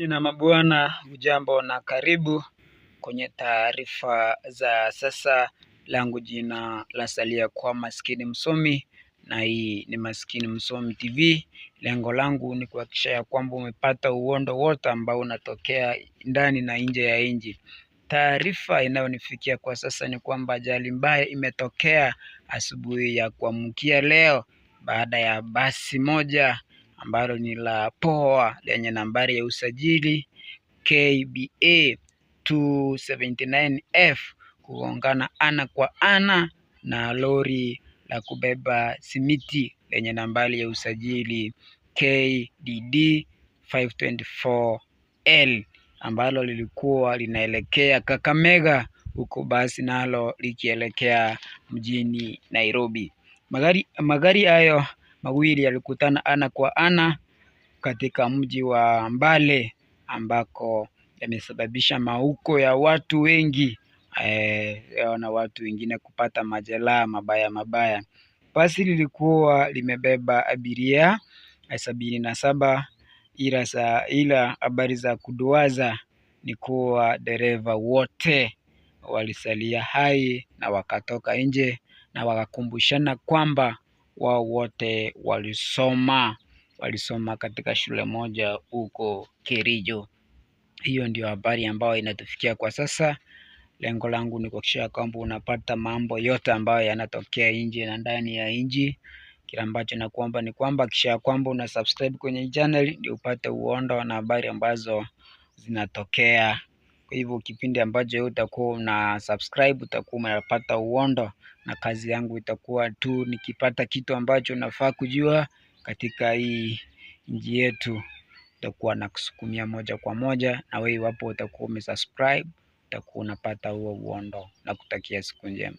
Nina mabwana, mjambo na karibu kwenye taarifa za sasa. Langu jina la salia kuwa Maskini Msomi, na hii ni Maskini Msomi TV. Lengo langu ni kuhakikisha ya kwamba umepata uondo wote ambao unatokea ndani na nje ya nchi. Taarifa inayonifikia kwa sasa ni kwamba ajali mbaya imetokea asubuhi ya kuamkia leo baada ya basi moja ambalo ni la poa lenye nambari ya usajili KBA 279F kuungana ana kwa ana na lori la kubeba simiti lenye nambari ya usajili KDD 524L ambalo lilikuwa linaelekea Kakamega huku basi nalo likielekea mjini Nairobi. Magari hayo mawili yalikutana ana kwa ana katika mji wa Mbale ambako yamesababisha mauko ya watu wengi eh, na watu wengine kupata majeraha mabaya mabaya. Basi lilikuwa limebeba abiria sabini na saba ila, sa, ila habari za kuduaza ni kuwa dereva wote walisalia hai na wakatoka nje na wakakumbushana kwamba wao wote walisoma, walisoma katika shule moja huko Kericho. Hiyo ndio habari ambayo inatufikia kwa sasa. Lengo langu ni kuhakikisha kwamba unapata mambo yote ambayo yanatokea nje na ndani ya nchi. kila ambacho nakuomba ni kwamba kisha kwamba una subscribe kwenye channel ndio upate uondo na habari ambazo zinatokea hivyo kipindi ambacho wewe utakuwa una subscribe utakuwa unapata uondo, na kazi yangu itakuwa tu nikipata kitu ambacho unafaa kujua katika hii nchi yetu, utakuwa na kusukumia moja kwa moja, na wewe iwapo utakuwa umesubscribe utakuwa unapata huo uondo, na kutakia siku njema.